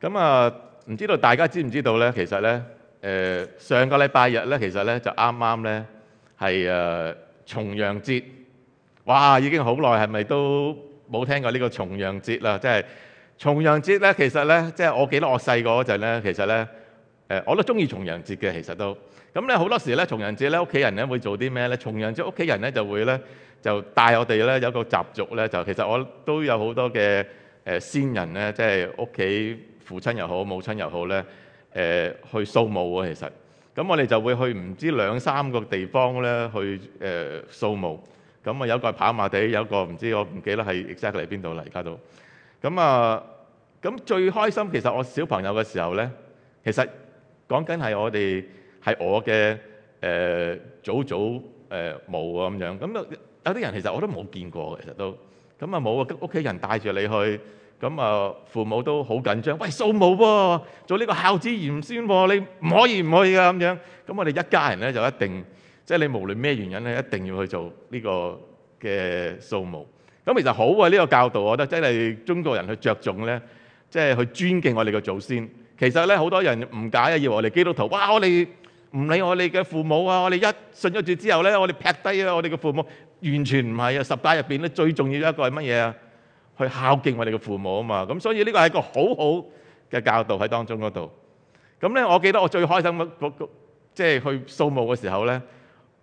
咁啊，唔知道大家知唔知道咧？其實咧，誒上個禮拜日咧，其實咧就啱啱咧係誒重陽節。哇，已經好耐係咪都冇聽過呢個重陽節啦？即係重陽節咧，其實咧，即係我記得我細個嗰陣咧，其實咧誒我都中意重陽節嘅，其實都。咁咧好多時咧重陽節咧屋企人咧會做啲咩咧？重陽節屋企人咧就會咧就帶我哋咧有一個習俗咧，就其實我都有好多嘅誒先人咧，即係屋企。父親又好，母親又好咧，誒去掃墓啊！其實，咁我哋就會去唔知兩三個地方咧，去誒掃墓。咁啊，有一個跑馬地，有一個唔知我唔記得係 exactly 邊度啦，而家都。咁啊，咁最開心其實我小朋友嘅時候咧，其實講緊係我哋係我嘅誒祖祖誒墓啊咁樣。咁啊，有啲人其實我都冇見過嘅，其實都。咁啊冇啊，屋企人帶住你去。咁啊，父母都好緊張，喂掃墓喎，做呢個孝子賢孫喎，你唔可以唔可以㗎咁樣。咁我哋一家人咧就一定，即係你無論咩原因咧，一定要去做呢個嘅掃墓。咁其實好啊，呢個教導我覺得真係中國人去著重咧，即係去尊敬我哋嘅祖先。其實咧，好多人誤解啊，以為我哋基督徒哇，我哋唔理我哋嘅父母啊，我哋一信咗主之後咧，我哋撇低啊我哋嘅父母，完全唔係啊。十誡入邊咧，最重要一個係乜嘢啊？去孝敬我哋嘅父母啊嘛，咁所以呢個係一個好好嘅教導喺當中嗰度。咁咧，我記得我最開心嘅，即係去掃墓嘅時候咧，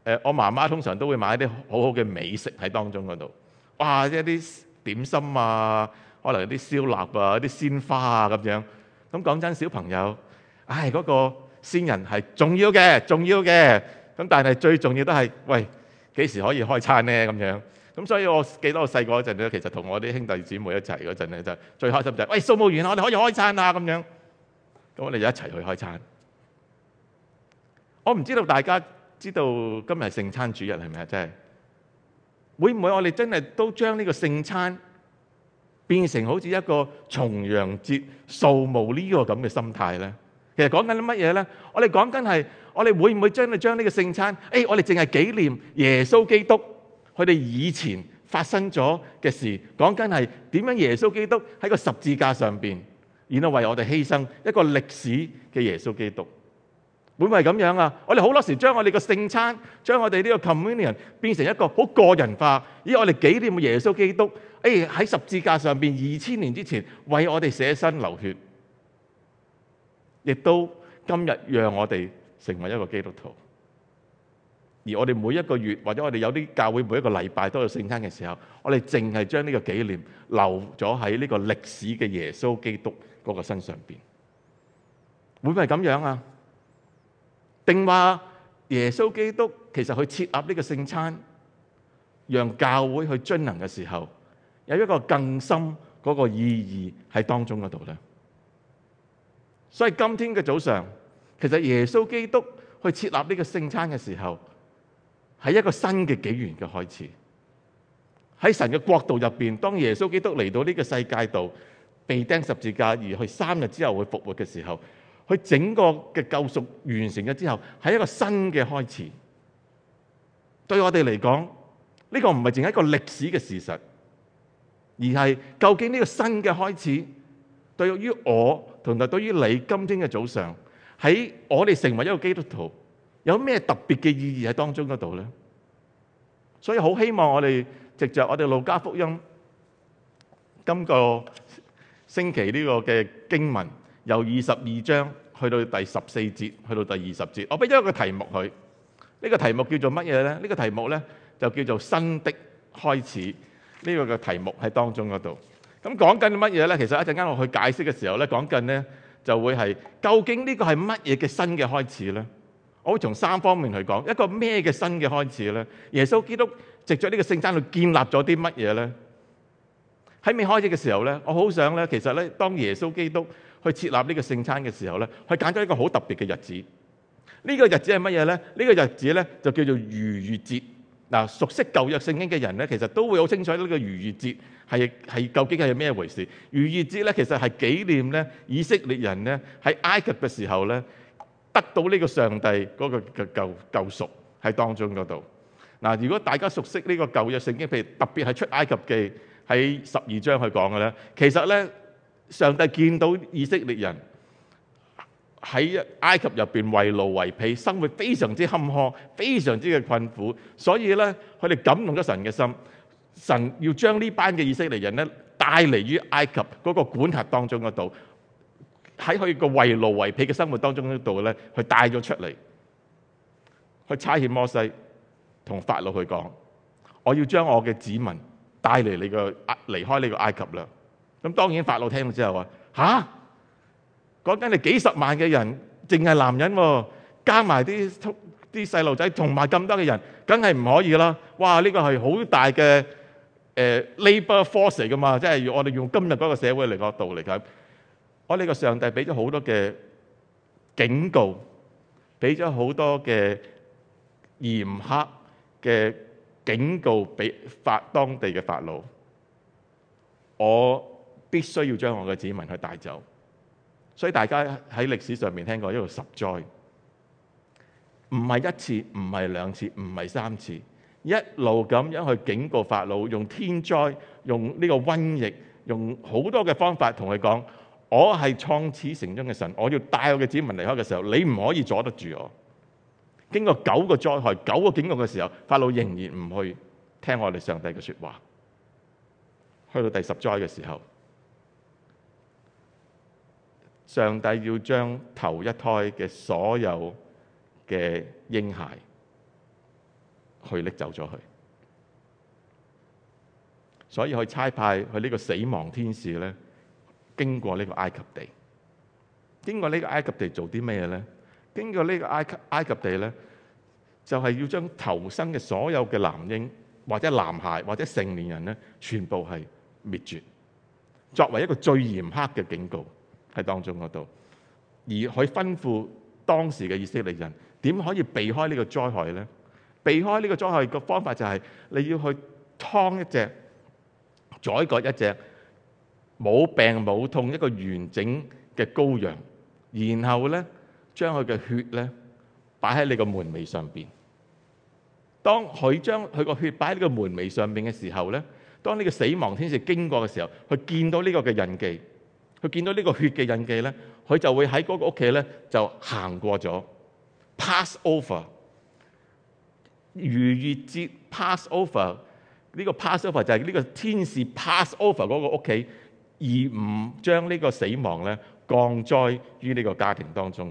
誒，我媽媽通常都會買啲好好嘅美食喺當中嗰度。哇，一啲點心啊，可能啲燒臘啊，啲鮮花啊咁樣。咁講真，小朋友，唉，嗰個先人係重要嘅，重要嘅。咁但係最重要都係，喂，幾時可以開餐咧？咁樣。咁所以我記得我細個嗰陣咧，其實同我啲兄弟姊妹一齊嗰陣咧，就最開心就係，喂，掃墓完我哋可以開餐啦咁樣，咁我哋就一齊去開餐。我唔知道大家知道今日聖餐主日係咪啊？真係會唔會我哋真係都將呢個聖餐變成好似一個重陽節掃墓呢個咁嘅心態咧？其實講緊啲乜嘢咧？我哋講緊係我哋會唔會真係將呢個聖餐，誒，我哋淨係紀念耶穌基督？佢哋以前發生咗嘅事，講緊係點樣耶穌基督喺個十字架上邊，然後為我哋犧牲，一個歷史嘅耶穌基督，會唔會咁樣啊？我哋好多時將我哋個聖餐，將我哋呢個 communion 變成一個好個人化，以我哋紀念嘅耶穌基督，誒喺十字架上邊二千年之前為我哋捨身流血，亦都今日讓我哋成為一個基督徒。而我哋每一個月，或者我哋有啲教會每一個禮拜都有聖餐嘅時候，我哋淨係將呢個紀念留咗喺呢個歷史嘅耶穌基督嗰個身上邊，會唔會係咁樣啊？定話耶穌基督其實去設立呢個聖餐，讓教會去遵行嘅時候，有一個更深嗰個意義喺當中嗰度咧。所以今天嘅早上，其實耶穌基督去設立呢個聖餐嘅時候，喺一個新嘅紀元嘅開始，喺神嘅國度入邊，當耶穌基督嚟到呢個世界度，被釘十字架而去三日之後會復活嘅時候，佢整個嘅救贖完成咗之後，係一個新嘅開始。對我哋嚟講，呢個唔係淨係一個歷史嘅事實，而係究竟呢個新嘅開始，對於我同埋對於你，今天嘅早上，喺我哋成為一個基督徒。有咩特別嘅意義喺當中嗰度呢？所以好希望我哋藉着我哋路加福音今個星期呢個嘅經文，由二十二章去到第十四節，去到第二十節，我俾咗一個題目佢。呢個題目叫做乜嘢呢？呢個題目呢，就叫做新的開始。呢個嘅題目喺當中嗰度。咁講緊乜嘢呢？其實一陣間我去解釋嘅時候呢，講緊呢就會係究竟呢個係乜嘢嘅新嘅開始呢？我會從三方面去講，一個咩嘅新嘅開始咧？耶穌基督藉着呢個聖餐去建立咗啲乜嘢咧？喺未開始嘅時候咧，我好想咧，其實咧，當耶穌基督去設立呢個聖餐嘅時候咧，佢揀咗一個好特別嘅日子。呢個日子係乜嘢咧？呢個日子咧就叫做逾越節。嗱，熟悉舊約聖經嘅人咧，其實都會好清楚呢個逾越節係係究竟係咩回事。逾越節咧，其實係紀念咧以色列人咧喺埃及嘅時候咧。得到呢個上帝嗰個嘅救救贖，喺當中嗰度。嗱，如果大家熟悉呢個舊約聖經，譬如特別係出埃及記喺十二章去講嘅咧，其實咧，上帝見到以色列人喺埃及入邊為奴為婢，生活非常之坎坷，非常之嘅困苦，所以咧，佢哋感動咗神嘅心，神要將呢班嘅以色列人咧帶嚟於埃及嗰個管轄當中嗰度。喺佢個為奴為婢嘅生活當中嗰度咧，佢帶咗出嚟，去差遣摩西同法老去講：我要將我嘅子民帶嚟你個埃及，離開呢個埃及啦。咁當然法老聽到之後話，吓？講緊你幾十萬嘅人，淨係男人喎、啊，加埋啲啲細路仔，同埋咁多嘅人，梗係唔可以啦！哇，呢、呢個係好大嘅誒、呃、labour force 嚟噶嘛，即係我哋用今日嗰個社會嚟角度嚟睇。我呢個上帝俾咗好多嘅警告，俾咗好多嘅嚴苛嘅警告，俾法當地嘅法老。我必須要將我嘅子民去帶走，所以大家喺歷史上面聽過一路十災，唔係一次，唔係兩次，唔係三次，一路咁樣去警告法老，用天災，用呢個瘟疫，用好多嘅方法同佢講。我係創始成終嘅神，我要帶我嘅子民離開嘅時候，你唔可以阻得住我。經過九個災害、九個警告嘅時候，法老仍然唔去聽我哋上帝嘅説話。去到第十災嘅時候，上帝要將頭一胎嘅所有嘅嬰孩去拎走咗佢，所以去差派去呢個死亡天使咧。經過呢個埃及地，經過呢個埃及地做啲咩呢？經過呢個埃及埃及地呢，就係要將頭生嘅所有嘅男嬰或者男孩或者成年人呢，全部係滅絕，作為一個最嚴苛嘅警告喺當中嗰度。而佢吩咐當時嘅以色列人點可以避開呢個災害呢？避開呢個災害嘅方法就係你要去劏一隻，宰割一隻。冇病冇痛，一個完整嘅羔羊，然後咧將佢嘅血咧擺喺你個門楣上邊。當佢將佢個血擺喺呢個門楣上邊嘅時候咧，當呢個死亡天使經過嘅時候，佢見到呢個嘅印記，佢見到呢個血嘅印記咧，佢就會喺嗰個屋企咧就行過咗，pass over 逾越節 pass over 呢個 pass over 就係呢個天使 pass over 嗰個屋企。而唔將這個死亡咧降災於這個家庭當中。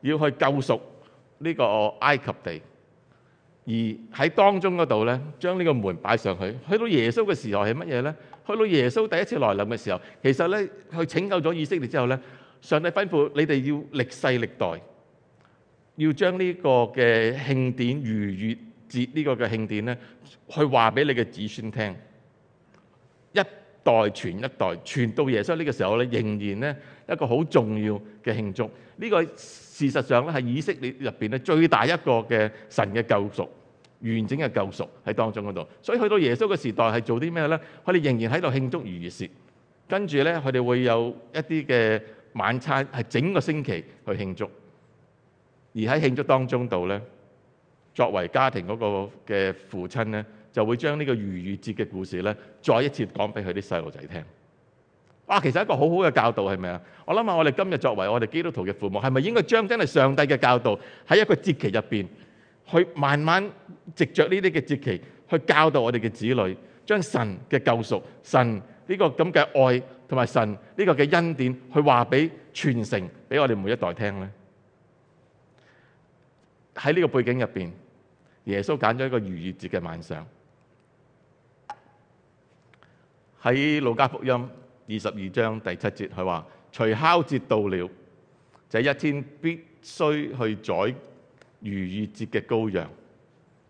要去救贖呢個埃及地，而喺當中嗰度呢，將呢個門擺上去。去到耶穌嘅時候係乜嘢呢？去到耶穌第一次來臨嘅時候，其實呢，佢拯救咗以色列之後呢，上帝吩咐你哋要歷世歷代，要將呢個嘅慶典逾越節呢個嘅慶典呢，去話俾你嘅子孫聽。一代傳一代，傳到耶穌呢個時候咧，仍然咧一個好重要嘅慶祝。呢個事實上咧，係以色列入邊咧最大一個嘅神嘅救贖，完整嘅救贖喺當中嗰度。所以去到耶穌嘅時代係做啲咩咧？佢哋仍然喺度慶祝逾越節，跟住咧佢哋會有一啲嘅晚餐，係整個星期去慶祝。而喺慶祝當中度咧，作為家庭嗰個嘅父親咧。就會將呢個逾越節嘅故事呢，再一次講俾佢啲細路仔聽。哇，其實一個好好嘅教導係咪啊？我諗下，我哋今日作為我哋基督徒嘅父母，係咪應該將真係上帝嘅教導喺一個節期入邊，去慢慢藉着呢啲嘅節期去教導我哋嘅子女，將神嘅救贖、神呢個咁嘅愛同埋神呢個嘅恩典去話俾傳承俾我哋每一代聽呢？喺呢個背景入邊，耶穌揀咗一個逾越節嘅晚上。喺《路加福音》二十二章第七節，佢話除酵節到了，這一天必須去宰逾越節嘅羔羊。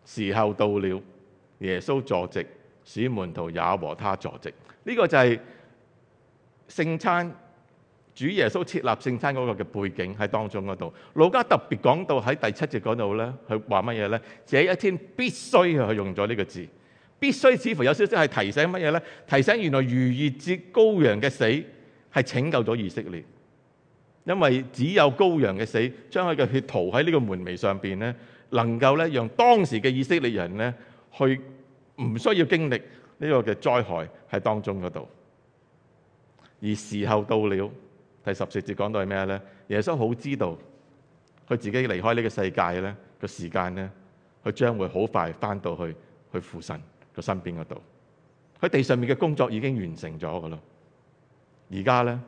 時候到了，耶穌坐席，使門徒也和他坐席。呢、這個就係聖餐，主耶穌設立聖餐嗰個嘅背景喺當中嗰度。路加特別講到喺第七節嗰度咧，佢話乜嘢咧？這一天必須去用咗呢個字。必須似乎有消息係提醒乜嘢呢？提醒原來逾越節羔羊嘅死係拯救咗以色列，因為只有羔羊嘅死，將佢嘅血塗喺呢個門楣上邊咧，能夠咧讓當時嘅以色列人咧，去唔需要經歷呢個嘅災害喺當中嗰度。而時候到了，第十四節講到係咩呢？耶穌好知道佢自己離開呢個世界咧嘅時間咧，佢將會好快翻到去去父神。喺身邊嗰度，佢地上面嘅工作已經完成咗噶啦。而家咧呢、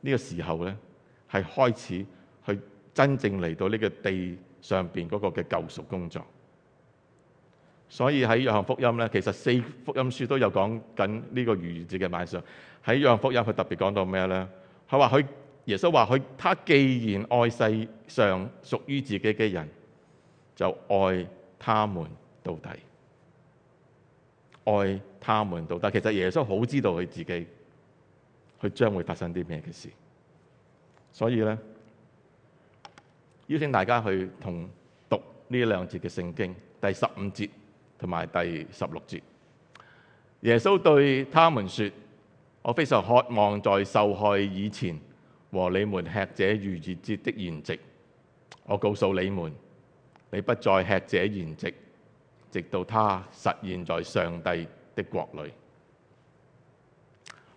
呢個時候咧係開始去真正嚟到呢個地上邊嗰個嘅救贖工作。所以喺約翰福音咧，其實四福音書都有講緊呢個逾越節嘅晚上。喺約翰福音佢特別講到咩咧？佢話佢耶穌話佢，他既然愛世上屬於自己嘅人，就愛他們到底。愛他們到，但其實耶穌好知道佢自己，佢將會發生啲咩嘅事，所以咧邀請大家去同讀呢兩節嘅聖經，第十五節同埋第十六節。耶穌對他們說：我非常渴望在受害以前和你們吃這逾越節的筵席。我告訴你們，你不再吃這筵席，直到他實現在上帝的國裏。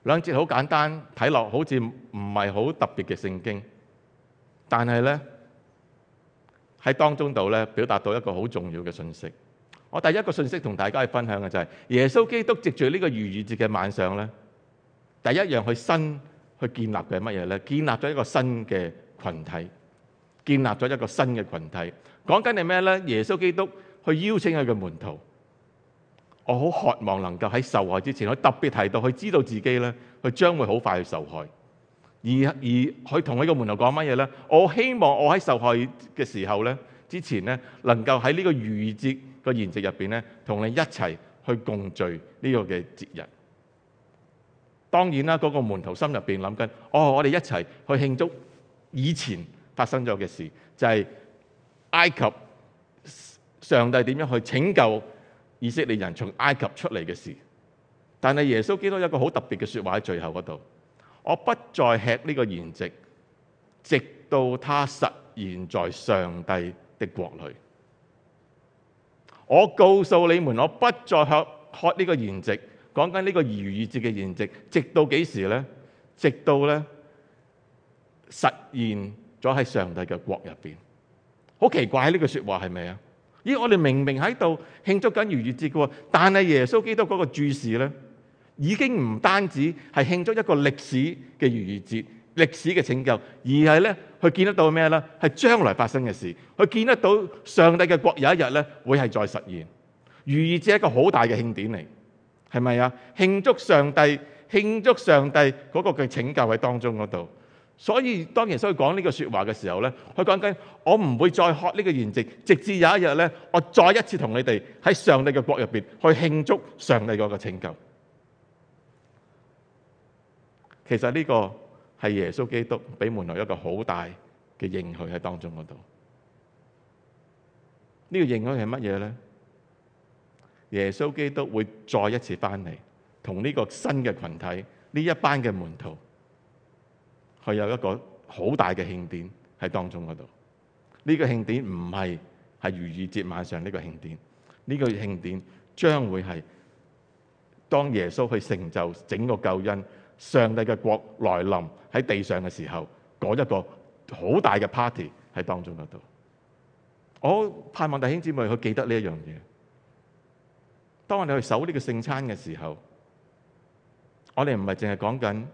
兩節好簡單，睇落好似唔係好特別嘅聖經，但係呢，喺當中度呢，表達到一個好重要嘅信息。我第一個信息同大家去分享嘅就係，耶穌基督藉住呢個逾越節嘅晚上呢，第一樣去新去建立嘅係乜嘢呢？建立咗一個新嘅群體，建立咗一個新嘅群體。講緊係咩呢？耶穌基督。去邀請佢嘅門徒，我好渴望能夠喺受害之前，我特別提到佢知道自己呢，佢將會好快去受害。而而佢同呢個門徒講乜嘢呢？我希望我喺受害嘅時候呢，之前呢，能夠喺呢個逾節嘅筵席入邊呢，同你一齊去共聚呢個嘅節日。當然啦，嗰個門徒心入邊諗緊，哦，我哋一齊去慶祝以前發生咗嘅事，就係埃及。上帝點樣去拯救以色列人從埃及出嚟嘅事？但係耶穌基督有一個好特別嘅説話喺最後嗰度：我不再吃呢個筵席，直到他實現在上帝的國裏。我告訴你們，我不再喝喝呢個筵席，講緊呢個逾越節嘅筵席，直到幾時呢？直到呢實現咗喺上帝嘅國入邊。好奇怪呢句説話係咪啊？咦，我哋明明喺度慶祝緊逾越節嘅，但係耶穌基督嗰個注視咧，已經唔單止係慶祝一個歷史嘅逾越節，歷史嘅拯救，而係咧佢見得到咩咧？係將來發生嘅事，佢見得到上帝嘅國有一日咧，會係再實現。逾越節係一個好大嘅慶典嚟，係咪啊？慶祝上帝，慶祝上帝嗰個嘅拯救喺當中嗰度。所以當耶穌講呢個説話嘅時候呢，佢講緊我唔會再喝呢個筵席，直至有一日呢，我再一次同你哋喺上帝嘅國入邊去慶祝上帝嗰個拯救。其實呢個係耶穌基督俾門徒一個好大嘅應許喺當中嗰度。呢、呢個應許係乜嘢呢？耶穌基督會再一次翻嚟，同呢個新嘅群體，呢一班嘅門徒。佢有一個好大嘅慶典喺當中嗰度，呢個慶典唔係係逾越節晚上呢個慶典，呢個慶典將會係當耶穌去成就整個救恩、上帝嘅國來臨喺地上嘅時候，嗰一個好大嘅 party 喺當中嗰度。我盼望弟兄姊妹去記得呢一樣嘢，當我哋去守呢個聖餐嘅時候，我哋唔係淨係講緊。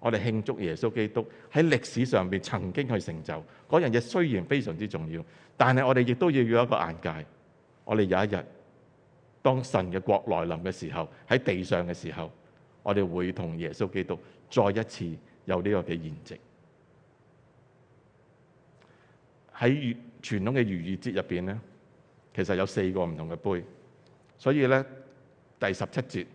我哋慶祝耶穌基督喺歷史上邊曾經去成就嗰樣嘢，雖然非常之重要，但係我哋亦都要有一個眼界。我哋有一日，當神嘅國來臨嘅時候，喺地上嘅時候，我哋會同耶穌基督再一次有呢個嘅筵席。喺傳統嘅逾越節入邊咧，其實有四個唔同嘅杯，所以咧第十七節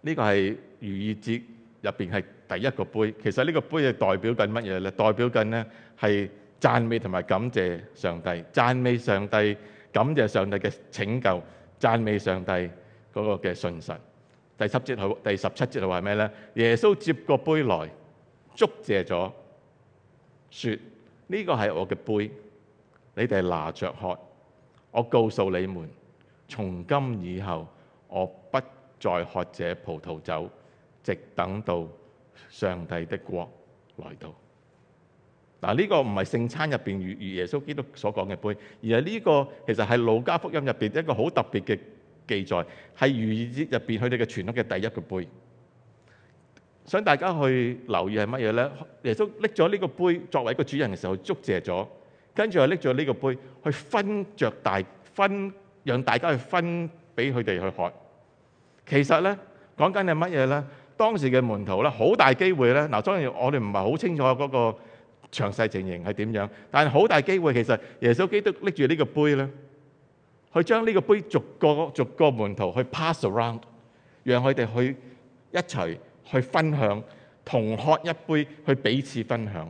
呢個係逾越節。入邊係第一個杯，其實呢個杯係代表緊乜嘢咧？代表緊呢係讚美同埋感謝上帝，讚美上帝，感謝上帝嘅拯救，讚美上帝嗰個嘅信實。第七節好，第十七節係話咩呢？耶穌接過杯來，祝謝咗，說呢、這個係我嘅杯，你哋拿着喝。我告訴你們，從今以後，我不再喝這葡萄酒。直等到上帝的國來到嗱，呢個唔係聖餐入邊如預耶穌基督所講嘅杯，而係呢個其實係《路加福音》入邊一個好特別嘅記載，係逾越節入邊佢哋嘅全屋嘅第一個杯。想大家去留意係乜嘢呢？耶穌拎咗呢個杯作為一個主人嘅時候，祝謝咗，跟住又拎咗呢個杯去分着大分，讓大家去分俾佢哋去喝。其實呢，講緊係乜嘢呢？當時嘅門徒咧，好大機會咧嗱。當然我哋唔係好清楚嗰個詳細情形係點樣，但係好大機會其實耶穌基督拎住呢個杯咧，去將呢個杯逐個逐個門徒去 pass around，讓佢哋去一齊去分享，同喝一杯去彼此分享。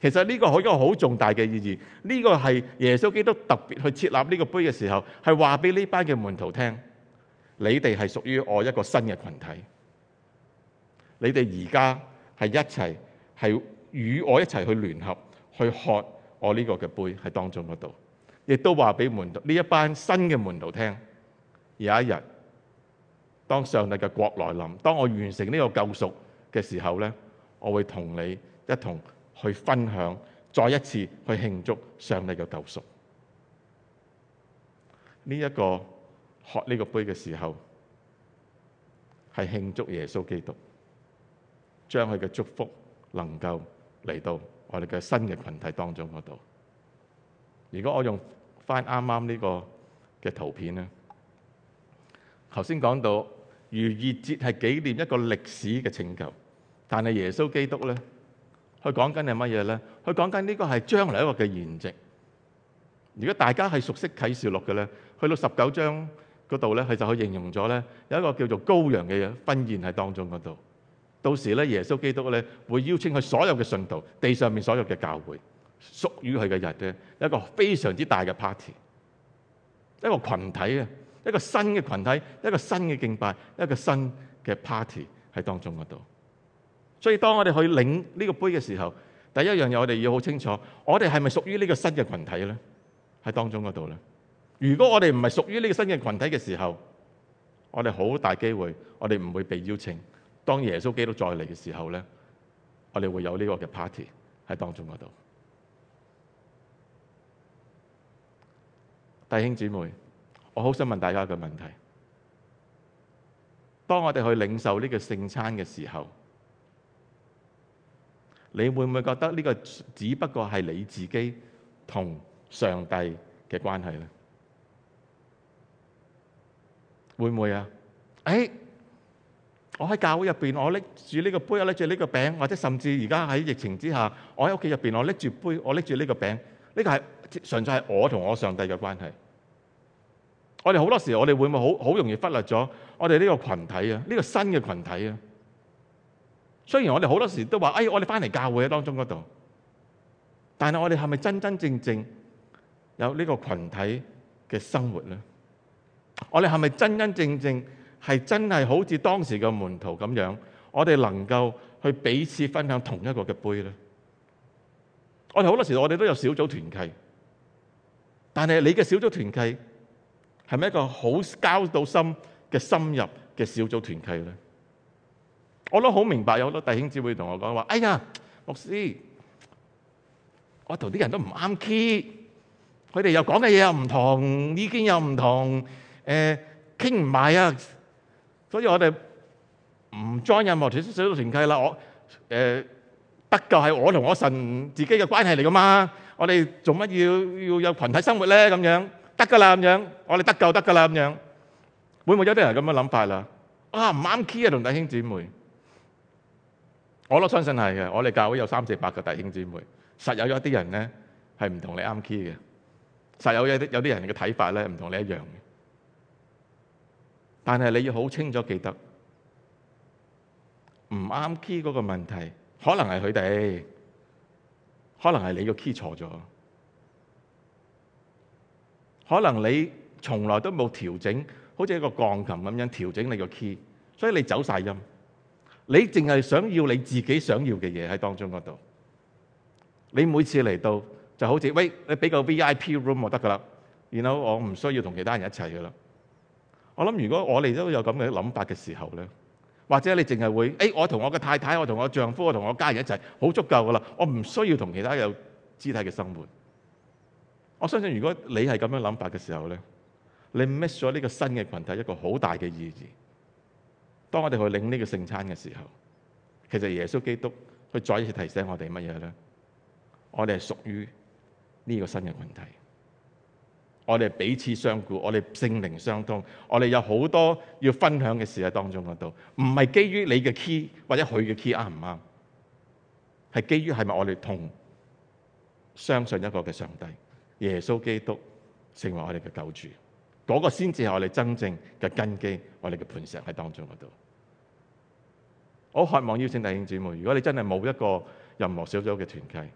其實呢個係一個好重大嘅意義。呢、這個係耶穌基督特別去設立呢個杯嘅時候，係話俾呢班嘅門徒聽，你哋係屬於我一個新嘅群體。你哋而家係一齊係與我一齊去聯合去喝我呢個嘅杯，喺當中嗰度，亦都話俾門徒呢一班新嘅門徒聽。有一日，當上帝嘅國來臨，當我完成呢個救贖嘅時候呢，我會同你一同去分享，再一次去慶祝上帝嘅救贖。呢一個喝呢個杯嘅時候，係慶祝耶穌基督。將佢嘅祝福能夠嚟到我哋嘅新嘅羣體當中嗰度。如果我用翻啱啱呢個嘅圖片咧，頭先講到逾越節係紀念一個歷史嘅拯救，但係耶穌基督咧，佢講緊係乜嘢咧？佢講緊呢個係將來一個嘅延續。如果大家係熟悉啟示錄嘅咧，去到十九章嗰度咧，佢就可以形容咗咧有一個叫做羔羊嘅嘢婚宴喺當中嗰度。到時咧，耶穌基督咧會邀請佢所有嘅信徒，地上面所有嘅教會，屬於佢嘅人咧，一個非常之大嘅 party，一個羣體啊，一個新嘅羣體，一個新嘅敬拜，一個新嘅 party 喺當中嗰度。所以當我哋去領呢個杯嘅時候，第一樣嘢我哋要好清楚，我哋係咪屬於呢個新嘅羣體咧？喺當中嗰度咧。如果我哋唔係屬於呢個新嘅羣體嘅時候，我哋好大機會，我哋唔會被邀請。當耶穌基督再嚟嘅時候呢，我哋會有呢個嘅 party 喺當中嗰度。弟兄姊妹，我好想問大家一個問題：當我哋去領受呢個聖餐嘅時候，你會唔會覺得呢個只不過係你自己同上帝嘅關係呢？會唔會啊？哎我喺教會入邊，我拎住呢個杯，我拎住呢個餅，或者甚至而家喺疫情之下，我喺屋企入邊，我拎住杯，我拎住呢個餅，呢個係純粹係我同我上帝嘅關係。我哋好多時，我哋會唔會好好容易忽略咗我哋呢個群體啊？呢個新嘅群體啊？雖然我哋好多時都話：哎，我哋翻嚟教會當中嗰度，但係我哋係咪真真正正有呢個群體嘅生活咧？我哋係咪真真正正？係真係好似當時嘅門徒咁樣，我哋能夠去彼此分享同一個嘅杯咧。我哋好多時我哋都有小組團契，但係你嘅小組團契係咪一個好交到心嘅深入嘅小組團契咧？我都好明白，有好多弟兄姊妹同我講話，哎呀，牧師，我同啲人都唔啱 key，佢哋又講嘅嘢又唔同，意見又唔同，誒傾唔埋啊！所以我哋唔 join 任何團體，小小團契啦。我誒得救係我同我神自己嘅關係嚟噶嘛。我哋做乜要要有羣體生活咧？咁樣得㗎啦，咁樣我哋得救得㗎啦，咁樣會唔會有啲人咁樣諗法啦？啊，唔啱 key 啊，同弟兄姊妹，我都相信係嘅。我哋教會有三四百個弟兄姊妹，實有一啲人咧係唔同你啱 key 嘅，實有有啲有啲人嘅睇法咧唔同你一樣嘅。但係你要好清楚記得，唔啱 key 嗰個問題，可能係佢哋，可能係你個 key 錯咗，可能你從來都冇調整，好似一個鋼琴咁樣調整你個 key，所以你走晒音。你淨係想要你自己想要嘅嘢喺當中嗰度。你每次嚟到就好似喂，你俾個 VIP room 就得噶啦，然後 you know, 我唔需要同其他人一齊噶啦。我諗，如果我哋都有咁嘅諗法嘅時候咧，或者你淨係會，誒、哎，我同我嘅太太，我同我丈夫，我同我家人一齊，好足夠噶啦，我唔需要同其他有肢體嘅生活。我相信，如果你係咁樣諗法嘅時候咧，你 miss 咗呢個新嘅群體一個好大嘅意義。當我哋去領呢個聖餐嘅時候，其實耶穌基督去再一次提醒我哋乜嘢咧？我哋係屬於呢個新嘅群體。我哋彼此相顧，我哋性靈相通，我哋有好多要分享嘅事喺當中嗰度，唔係基於你嘅 key 或者佢嘅 key 啱唔啱，係基於係咪我哋同相信一個嘅上帝耶穌基督成為我哋嘅救主，嗰、嗰個先至係我哋真正嘅根基，我哋嘅磐石喺當中嗰度。我好渴望邀請弟兄姊妹，如果你真係冇一個任何小組嘅團契，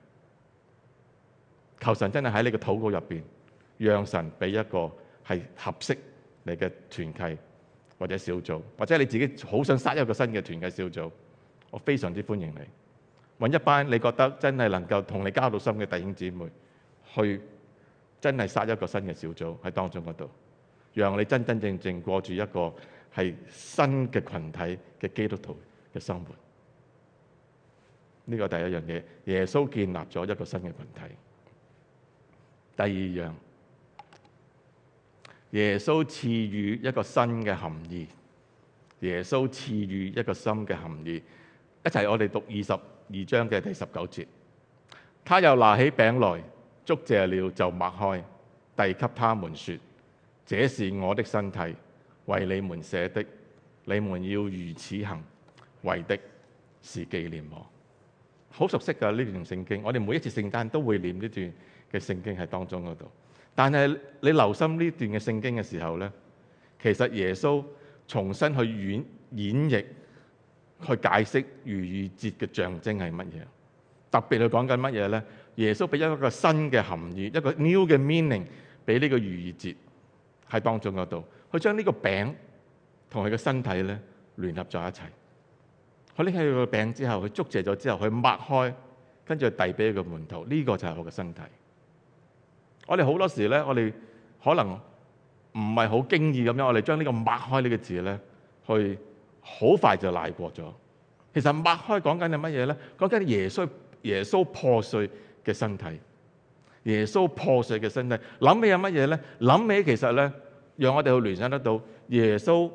求神真係喺你嘅禱告入邊。讓神俾一個係合適你嘅團契或者小組，或者你自己好想殺一個新嘅團契小組，我非常之歡迎你，揾一班你覺得真係能夠同你交到心嘅弟兄姊妹，去真係殺一個新嘅小組喺當中嗰度，讓你真真正正過住一個係新嘅群體嘅基督徒嘅生活。呢、呢個第一樣嘢，耶穌建立咗一個新嘅群體。第二樣。耶穌賜予一個新嘅含義，耶穌賜予一個新嘅含義。一齊，我哋讀二十二章嘅第十九節。他又拿起餅來，祝謝了就擘開，遞給他們說：這是我的身體，為你們捨的，你們要如此行，為的是紀念我。好熟悉噶呢段聖經，我哋每一次聖誕都會念呢段嘅聖經喺當中嗰度。但係你留心呢段嘅聖經嘅時候咧，其實耶穌重新去演演繹、去解釋逾越節嘅象徵係乜嘢？特別係講緊乜嘢咧？耶穌俾一個新嘅含義，一個 new 嘅 meaning 俾呢個逾越節喺當中嗰度，佢將呢個餅同佢嘅身體咧聯合在一齊。佢拎起佢個餅之後，佢祝謝咗之後，佢擘開，跟住遞俾佢個門徒。呢、這個就係佢嘅身體。我哋好多時咧，我哋可能唔係好經意咁樣，我哋將呢個擘開呢個字咧，去好快就賴過咗。其實擘開講緊係乜嘢咧？講緊耶穌耶穌破碎嘅身體，耶穌破碎嘅身體。諗起有乜嘢咧？諗起其實咧，讓我哋去聯想得到耶穌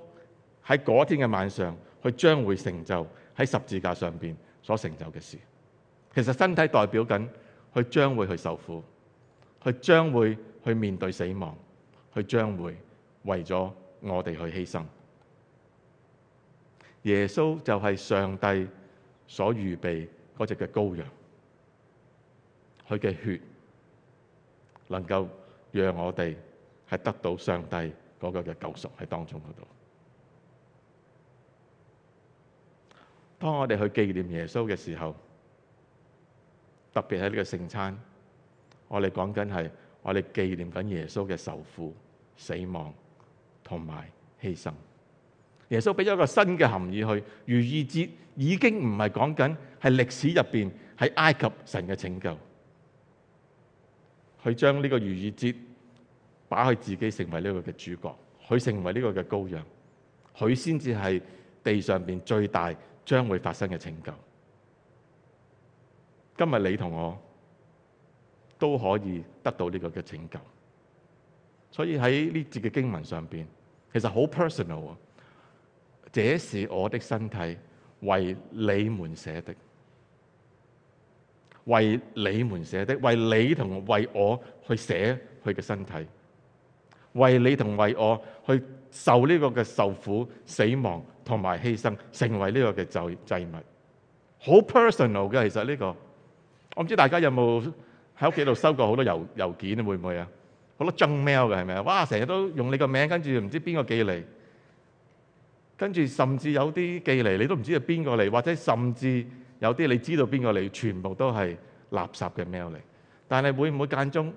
喺嗰天嘅晚上，佢將會成就喺十字架上邊所成就嘅事。其實身體代表緊佢將會去受苦。佢將會去面對死亡，佢將會為咗我哋去犧牲。耶穌就係上帝所預備嗰隻嘅羔羊，佢嘅血能夠讓我哋係得到上帝嗰個嘅救贖喺當中嗰度。當我哋去紀念耶穌嘅時候，特別係呢個聖餐。我哋講緊係我哋紀念緊耶穌嘅受苦、死亡同埋犧牲。耶穌俾咗一個新嘅含義去逾越節，已經唔係講緊係歷史入邊喺埃及神嘅拯救，佢將呢個逾越節把佢自己成為呢個嘅主角，佢成為呢個嘅羔羊，佢先至係地上邊最大將會發生嘅拯救。今日你同我。都可以得到呢個嘅拯救，所以喺呢節嘅經文上邊，其實好 personal 啊。這是我的身體，為你們寫的，為你們寫的，為你同為我去寫佢嘅身體，為你同為我去受呢個嘅受苦、死亡同埋犧牲，成為呢個嘅就祭物，好 personal 嘅。其實呢個，我唔知大家有冇。喺屋企度收過好多郵郵件啊！會唔會啊？好多 junk mail 嘅係咪啊？哇！成日都用你個名，跟住唔知邊個寄嚟，跟住甚至有啲寄嚟你，你都唔知係邊個嚟，或者甚至有啲你知道邊個嚟，全部都係垃圾嘅 mail 嚟。但係會唔會間中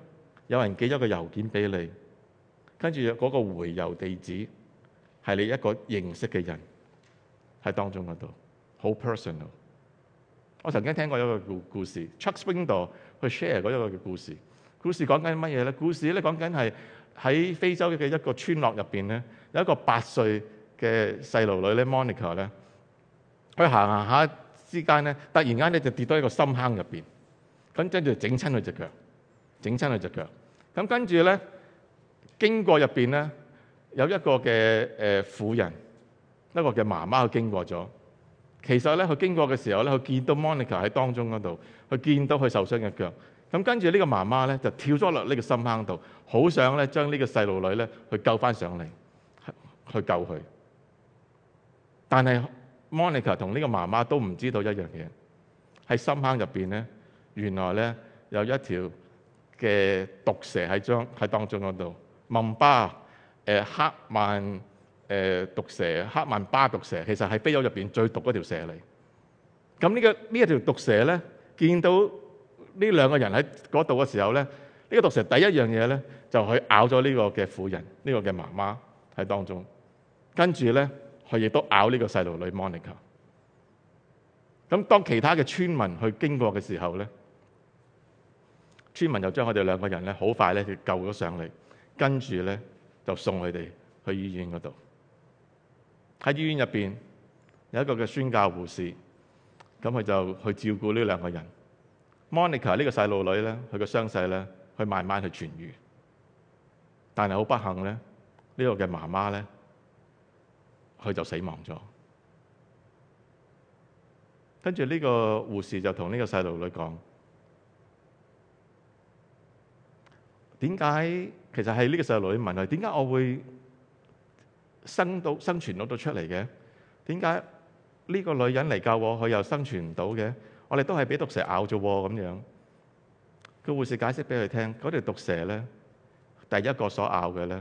有人寄咗個郵件俾你，跟住嗰個回郵地址係你一個認識嘅人喺當中嗰度好 personal。我曾經聽過一個故故事 Chuck Swindoll。去 share 嗰一個嘅故事，故事講緊乜嘢咧？故事咧講緊係喺非洲嘅一個村落入邊咧，有一個八歲嘅細路女咧，Monica 咧，佢行行下之間咧，突然間咧就跌到一個深坑入邊，咁跟住整親佢隻腳，整親佢隻腳，咁跟住咧經過入邊咧有一個嘅誒、呃、婦人，一個嘅媽媽經過咗。其實咧，佢經過嘅時候咧，佢見到 Monica 喺當中嗰度，佢見到佢受傷嘅腳。咁跟住呢個媽媽咧，就跳咗落呢個深坑度，好想咧將呢個細路女咧去救翻上嚟，去救佢。但係 Monica 同呢個媽媽都唔知道一樣嘢，喺深坑入邊咧，原來咧有一條嘅毒蛇喺張喺當中嗰度。孟巴誒黑曼誒、呃、毒蛇黑曼巴毒蛇，其實係非洲入邊最毒嗰條蛇嚟。咁呢個呢一條毒蛇咧，見到呢兩個人喺嗰度嘅時候咧，呢、這個毒蛇第一樣嘢咧就去咬咗呢個嘅婦人，呢、這個嘅媽媽喺當中。跟住咧，佢亦都咬呢個細路女 Monica。咁當其他嘅村民去經過嘅時候咧，村民就將佢哋兩個人咧好快咧就救咗上嚟，跟住咧就送佢哋去醫院嗰度。喺醫院入邊有一個嘅宣教護士，咁佢就去照顧呢兩個人。Monica 這個呢個細路女咧，佢嘅傷勢咧，佢慢慢去痊愈。但係好不幸咧，呢個嘅媽媽咧，佢就死亡咗。跟住呢個護士就同呢個細路女講：點解其實係呢個細路女問佢點解我會？生到生存到到出嚟嘅，點解呢個女人嚟救我？佢又生存唔到嘅。我哋都係俾毒蛇咬咗喎咁樣。個護士解釋俾佢聽，嗰條毒蛇咧，第一個所咬嘅咧，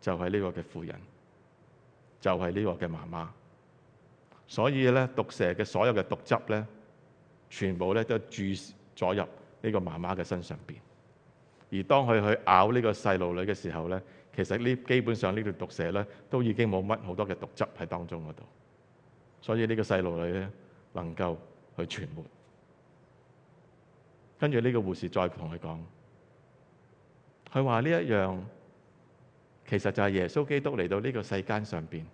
就係呢個嘅婦人，就係呢個嘅媽媽。所以咧，毒蛇嘅所有嘅毒汁咧，全部咧都注咗入呢個媽媽嘅身上邊。而當佢去咬呢個細路女嘅時候咧，其實呢，基本上呢條毒蛇咧，都已經冇乜好多嘅毒汁喺當中嗰度，所以個呢個細路女咧，能夠去存活。跟住呢個護士再同佢講，佢話呢一樣其實就係耶穌基督嚟到呢個世間上邊，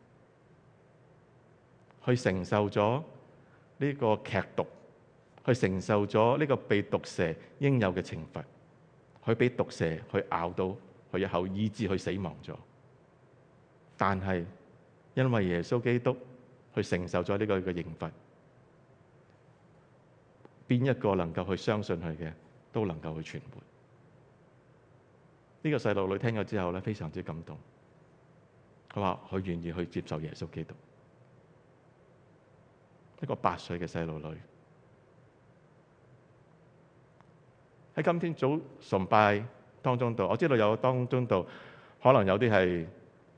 去承受咗呢個劇毒，去承受咗呢個被毒蛇應有嘅懲罰，去俾毒蛇去咬到。佢一口以致去死亡咗，但係因為耶穌基督去承受咗呢個嘅刑罰，邊一個能夠去相信佢嘅都能夠去存活。呢個細路女聽咗之後咧非常之感動，佢話佢願意去接受耶穌基督。一個八歲嘅細路女喺今天早上崇拜。當中度我知道有當中度，可能有啲係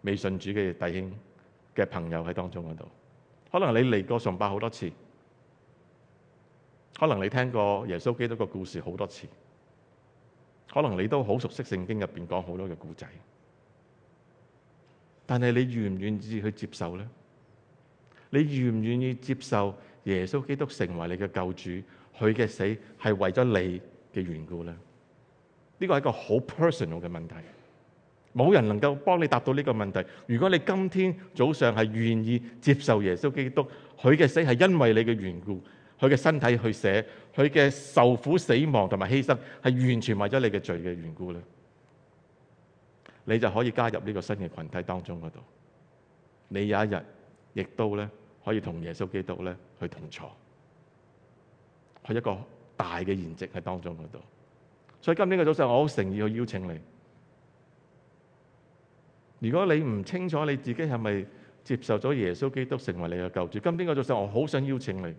未信主嘅弟兄嘅朋友喺當中度。可能你嚟過崇拜好多次，可能你聽過耶穌基督嘅故事好多次，可能你都好熟悉聖經入面講好多嘅故仔。但係你願唔願意去接受呢？你願唔願意接受耶穌基督成為你嘅救主？佢嘅死係為咗你嘅緣故呢？呢個係一個好 personal 嘅問題，冇人能夠幫你答到呢個問題。如果你今天早上係願意接受耶穌基督，佢嘅死係因為你嘅緣故，佢嘅身體去捨，佢嘅受苦、死亡同埋犧牲係完全為咗你嘅罪嘅緣故咧，你就可以加入呢個新嘅群體當中嗰度。你有一日亦都咧可以同耶穌基督咧去同坐，去一個大嘅筵席喺當中嗰度。所以今天嘅早上，我好誠意去邀請你。如果你唔清楚你自己係咪接受咗耶穌基督成為你嘅救主，今天嘅早上我好想邀請你。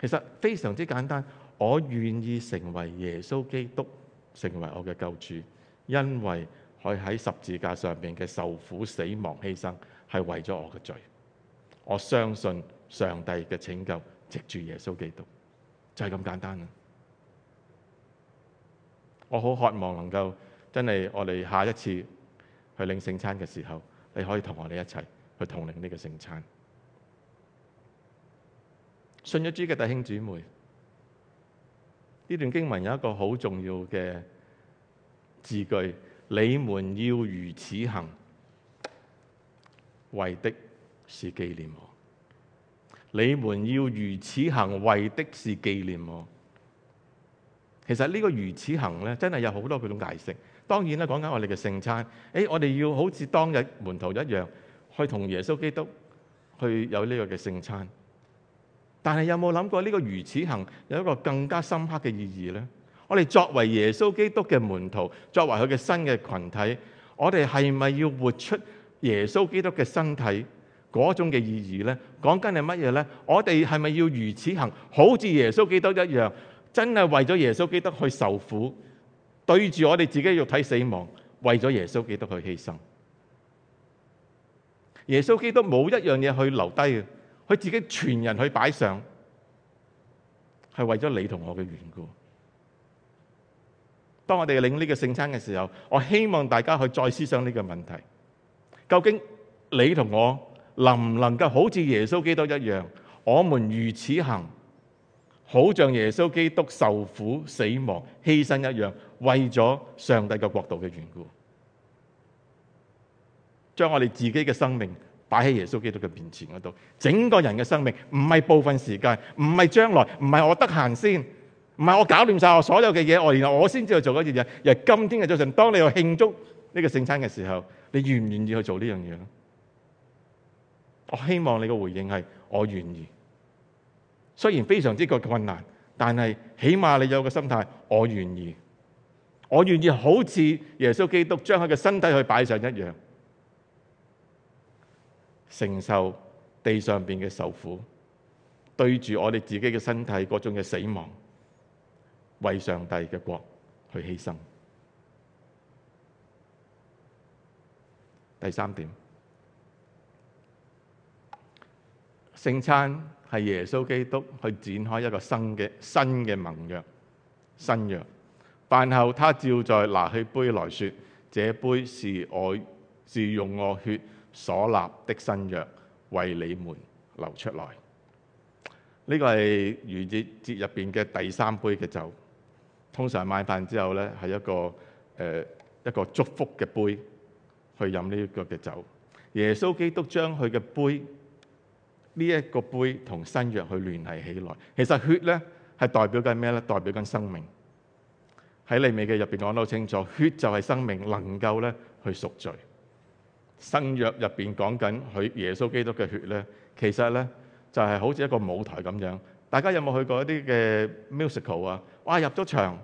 其實非常之簡單，我願意成為耶穌基督，成為我嘅救主，因為佢喺十字架上面嘅受苦、死亡、犧牲，係為咗我嘅罪。我相信上帝嘅拯救，藉住耶穌基督，就係咁簡單。我好渴望能夠真係我哋下一次去領聖餐嘅時候，你可以同我哋一齊去同領呢個聖餐。信咗主嘅弟兄姊妹，呢段經文有一個好重要嘅字句：你們要如此行，為的是紀念我。你們要如此行，為的是紀念我。其實呢個如此行咧，真係有好多嗰種解釋。當然啦，講緊我哋嘅聖餐，誒，我哋要好似當日門徒一樣，去同耶穌基督去有呢個嘅聖餐。但係有冇諗過呢個如此行有一個更加深刻嘅意義呢？我哋作為耶穌基督嘅門徒，作為佢嘅新嘅群體，我哋係咪要活出耶穌基督嘅身體嗰種嘅意義呢？講緊係乜嘢呢？我哋係咪要如此行，好似耶穌基督一樣？真係為咗耶穌基督去受苦，對住我哋自己肉體死亡，為咗耶穌基督去犧牲。耶穌基督冇一樣嘢去留低嘅，佢自己全人去擺上，係為咗你同我嘅緣故。當我哋領呢個聖餐嘅時候，我希望大家去再思想呢個問題：究竟你同我能唔能夠好似耶穌基督一樣？我們如此行。好像耶穌基督受苦、死亡、犧牲一樣，為咗上帝嘅國度嘅緣故，將我哋自己嘅生命擺喺耶穌基督嘅面前嗰度，整個人嘅生命，唔係部分時間，唔係將來，唔係我得閒先，唔係我搞掂晒我所有嘅嘢，我然後我先知道做嗰樣嘢。而係今天嘅早晨，當你去慶祝呢個聖餐嘅時候，你願唔願意去做呢樣嘢咧？我希望你嘅回應係我願意。雖然非常之個困難，但係起碼你有個心態，我願意，我願意好似耶穌基督將佢嘅身體去擺上一樣，承受地上面嘅受苦，對住我哋自己嘅身體各種嘅死亡，為上帝嘅國去犧牲。第三點，聖餐。係耶穌基督去展開一個新嘅新嘅盟約、新約。飯後，他照在拿起杯來説：這杯是我是用我血所立的新約，為你們流出來。呢、這個係逾越節入邊嘅第三杯嘅酒。通常晚飯之後呢，係一個誒、呃、一個祝福嘅杯去飲呢一個嘅酒。耶穌基督將佢嘅杯。呢、這、一個杯同新約去聯繫起來，其實血咧係代表緊咩咧？代表緊生命。喺利未記入邊講得好清楚，血就係生命能夠咧去贖罪。新約入邊講緊佢耶穌基督嘅血咧，其實咧就係、是、好似一個舞台咁樣。大家有冇去過一啲嘅 musical 啊？哇！入咗場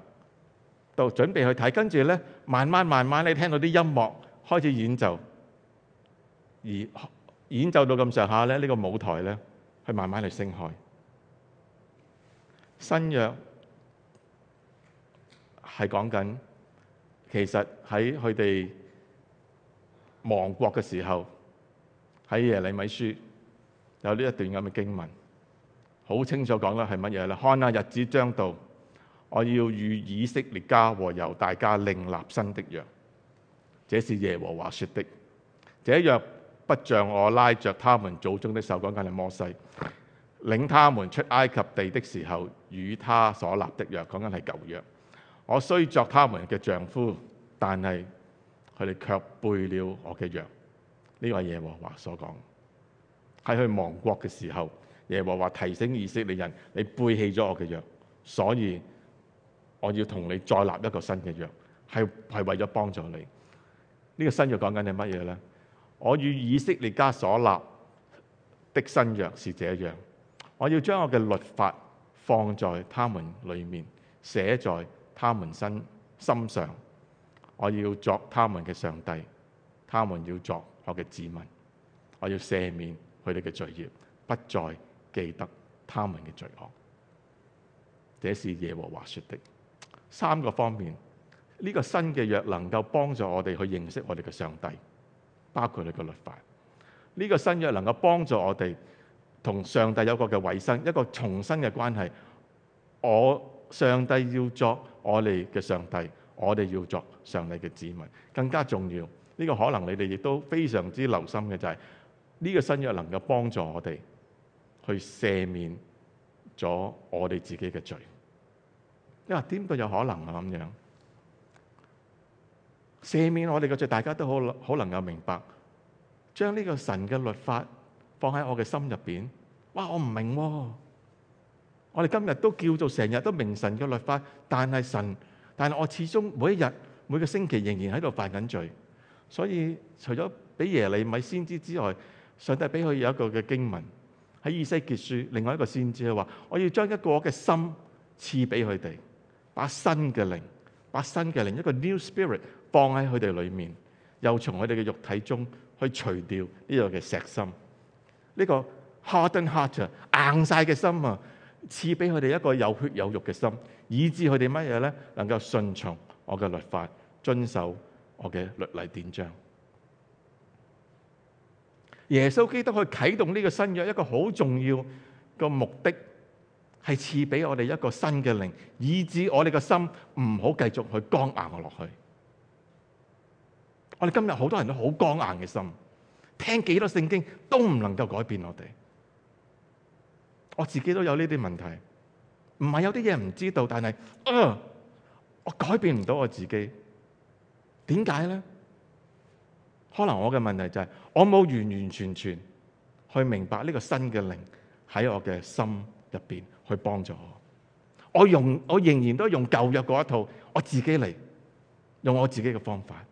度準備去睇，跟住咧慢慢慢慢你聽到啲音樂開始演奏而。演奏到咁上下咧，呢、這個舞台咧，係慢慢嚟升開。新約係講緊，其實喺佢哋亡國嘅時候，喺耶利米書有呢一段咁嘅經文，好清楚講啦，係乜嘢咧？看下日子將到，我要與以色列家和猶大家另立新的約，這是耶和華說的，這約。不像我拉着他們祖宗的手，講緊，係摩西領他們出埃及地的時候，與他所立的約，講緊，係舊約。我雖作他們嘅丈夫，但係佢哋卻背了我嘅約。呢位耶和華所講，喺佢亡國嘅時候，耶和華提醒以色列人：你背棄咗我嘅約，所以我要同你再立一個新嘅約，係係為咗幫助你。呢個新約講緊，係乜嘢咧？我與以色列家所立的新約是這樣，我要將我嘅律法放在他們裡面，寫在他們心上。我要作他們嘅上帝，他們要作我嘅子民。我要赦免佢哋嘅罪孽，不再記得他們嘅罪惡。這是耶和華說的。三個方面，呢、這個新嘅約能夠幫助我哋去認識我哋嘅上帝。包括你個律法，呢、這個新約能夠幫助我哋同上帝有個嘅衞生，一個重新嘅關係。我上帝要作我哋嘅上帝，我哋要作上帝嘅子民。更加重要，呢、這個可能你哋亦都非常之留心嘅就係、是、呢、這個新約能夠幫助我哋去赦免咗我哋自己嘅罪。因為，點都有可能啊咁樣。赦免我哋嘅罪，大家都好，好能夠明白。將呢個神嘅律法放喺我嘅心入邊。哇！我唔明、啊，我哋今日都叫做成日都明神嘅律法，但係神，但係我始終每一日每個星期仍然喺度犯緊罪。所以除咗俾耶利米先知之外，上帝俾佢有一個嘅經文喺以西結書，另外一個先知係話：我要將一個我嘅心賜俾佢哋，把新嘅靈，把新嘅靈一個 new spirit。放喺佢哋裏面，又從佢哋嘅肉體中去除掉呢個嘅石心，呢個 harden heart 啊，硬曬嘅心啊，賜俾佢哋一個有血有肉嘅心，以致佢哋乜嘢咧能夠順從我嘅律法，遵守我嘅律例典章。耶穌基督去啟動呢個新約一個好重要嘅目的，係賜俾我哋一個新嘅靈，以致我哋嘅心唔好繼續去剛硬落去。我哋今日好多人都好剛硬嘅心，聽幾多聖經都唔能夠改變我哋。我自己都有呢啲問題，唔係有啲嘢唔知道，但係啊、呃，我改變唔到我自己。點解咧？可能我嘅問題就係、是、我冇完完全全去明白呢個新嘅靈喺我嘅心入邊去幫助我。我用我仍然都用舊約嗰一套，我自己嚟，用我自己嘅方法。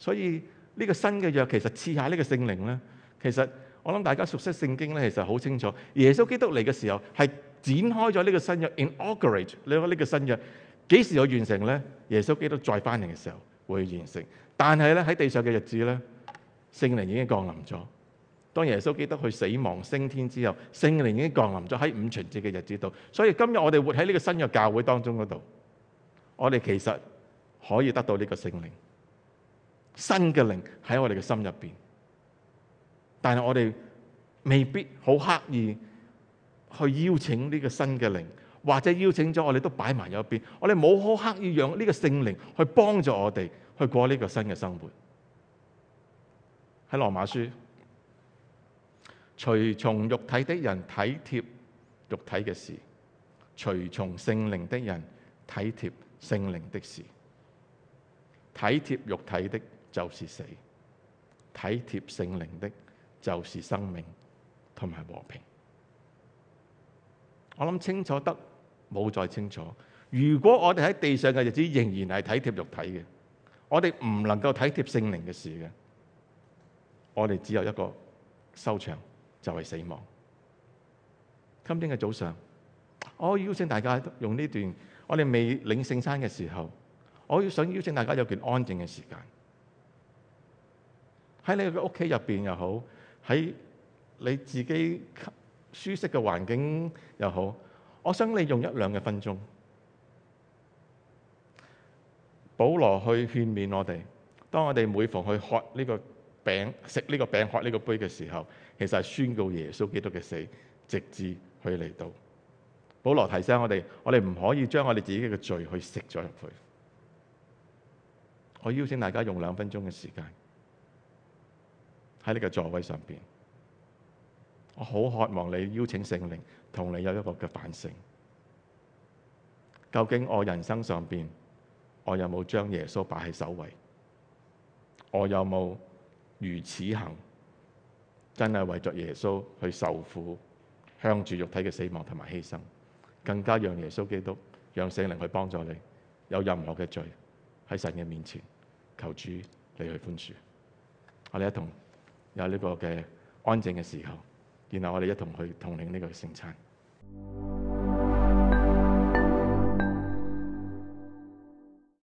所以呢個新嘅約其實賜下呢個聖靈呢。其實我諗大家熟悉聖經呢，其實好清楚。耶穌基督嚟嘅時候係展開咗呢個新約，inaugurate。你話呢個新約幾時有完成呢？耶穌基督再翻嚟嘅時候會完成。但係呢，喺地上嘅日子呢，聖靈已經降臨咗。當耶穌基督去死亡升天之後，聖靈已經降臨咗喺五旬節嘅日子度。所以今日我哋活喺呢個新約教會當中嗰度，我哋其實可以得到呢個聖靈。新嘅靈喺我哋嘅心入邊，但係我哋未必好刻意去邀請呢個新嘅靈，或者邀請咗我哋都擺埋一邊，我哋冇好刻意讓呢個聖靈去幫助我哋去過呢個新嘅生活。喺羅馬書，隨從肉體的人體貼肉體嘅事，隨從聖靈的人體貼聖靈的事。體貼肉體的。體就是死，體貼聖靈的，就是生命同埋和平。我諗清楚得冇再清楚。如果我哋喺地上嘅日子仍然係體貼肉體嘅，我哋唔能夠體貼聖靈嘅事嘅，我哋只有一個收場，就係、是、死亡。今天嘅早上，我邀請大家用呢段我哋未領聖餐嘅時候，我想要想邀請大家有段安靜嘅時間。喺你嘅屋企入邊又好，喺你自己舒適嘅環境又好，我想你用一兩個分鐘，保羅去勸勉我哋。當我哋每逢去喝呢個餅、食呢個餅、喝呢個杯嘅時候，其實係宣告耶穌基督嘅死，直至佢嚟到。保羅提醒我哋，我哋唔可以將我哋自己嘅罪去食咗入去。我邀請大家用兩分鐘嘅時間。喺呢個座位上邊，我好渴望你邀請聖靈同你有一個嘅反省。究竟我人生上邊，我有冇將耶穌擺喺首位？我有冇如此行？真係為著耶穌去受苦，向住肉體嘅死亡同埋犧牲，更加讓耶穌基督、讓聖靈去幫助你。有任何嘅罪喺神嘅面前，求主你去寬恕。我哋一同。有呢個嘅安靜嘅時候，然後我哋一同去同領呢個聖餐。